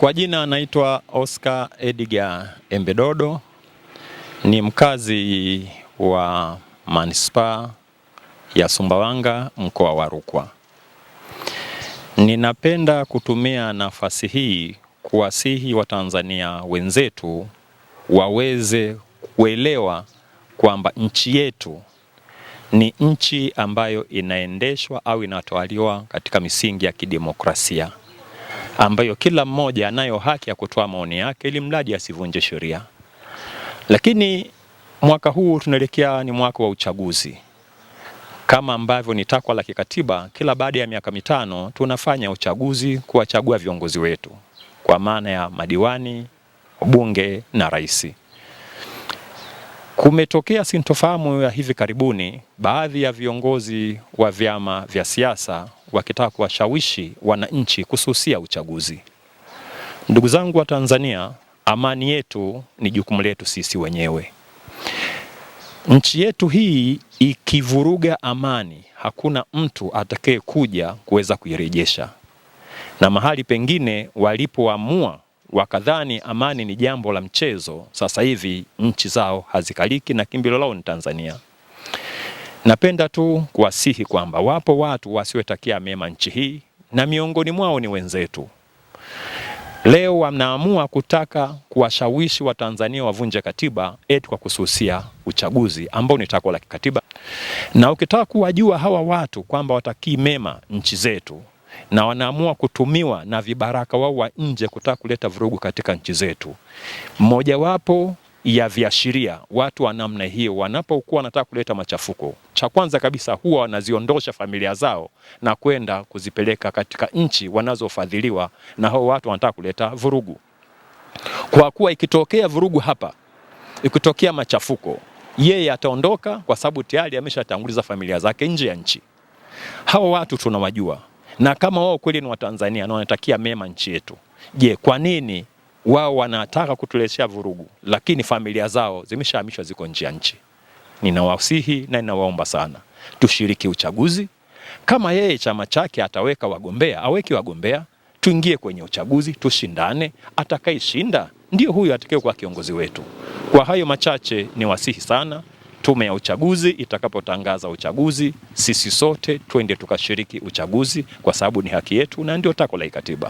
Kwa jina anaitwa Oscar Edgar Embedodo, ni mkazi wa manispaa ya Sumbawanga mkoa wa Rukwa. Ninapenda kutumia nafasi hii kuwasihi Watanzania wenzetu waweze kuelewa kwamba nchi yetu ni nchi ambayo inaendeshwa au inatawaliwa katika misingi ya kidemokrasia ambayo kila mmoja anayo haki ya kutoa maoni yake ili mradi asivunje sheria. Lakini mwaka huu tunaelekea ni mwaka wa uchaguzi, kama ambavyo ni takwa la kikatiba, kila baada ya miaka mitano tunafanya uchaguzi kuwachagua viongozi wetu kwa maana ya madiwani, bunge na rais. Kumetokea sintofahamu ya hivi karibuni, baadhi ya viongozi wa vyama vya siasa wakitaka kuwashawishi wananchi kususia uchaguzi. Ndugu zangu wa Tanzania, amani yetu ni jukumu letu sisi wenyewe. Nchi yetu hii ikivuruga amani, hakuna mtu kuja kuweza kuirejesha, na mahali pengine walipoamua wakadhani amani ni jambo la mchezo, sasa hivi nchi zao hazikaliki na kimbilio lao ni Tanzania. Napenda tu kuwasihi kwamba wapo watu wasiotakia mema nchi hii na miongoni mwao ni wenzetu. Leo wanaamua kutaka kuwashawishi Watanzania wavunje katiba eti kwa kususia uchaguzi ambao ni takwa la kikatiba. Na ukitaka kuwajua hawa watu kwamba watakii mema nchi zetu na wanaamua kutumiwa na vibaraka wao wa nje kutaka kuleta vurugu katika nchi zetu, mmojawapo ya viashiria. Watu wa namna hiyo wanapokuwa wanataka kuleta machafuko, cha kwanza kabisa huwa wanaziondosha familia zao na kwenda kuzipeleka katika nchi wanazofadhiliwa na hao watu wanataka kuleta vurugu, kwa kuwa ikitokea vurugu hapa, ikitokea machafuko, yeye ataondoka kwa sababu tayari ameshatanguliza familia zake nje ya nchi. Hao watu tunawajua, na kama wao kweli ni Watanzania na wanatakia mema nchi yetu, je, kwa nini wao wanataka kutuletea vurugu, lakini familia zao zimeshahamishwa, ziko nje ya nchi. Ninawasihi na ninawaomba sana tushiriki uchaguzi. Kama yeye chama chake ataweka wagombea, aweki wagombea, tuingie kwenye uchaguzi, tushindane. Atakayeshinda ndio huyo atakayekuwa kiongozi wetu. Kwa hayo machache, ni wasihi sana Tume ya uchaguzi itakapotangaza uchaguzi, sisi sote twende tukashiriki uchaguzi, kwa sababu ni haki yetu na ndio tako la kikatiba.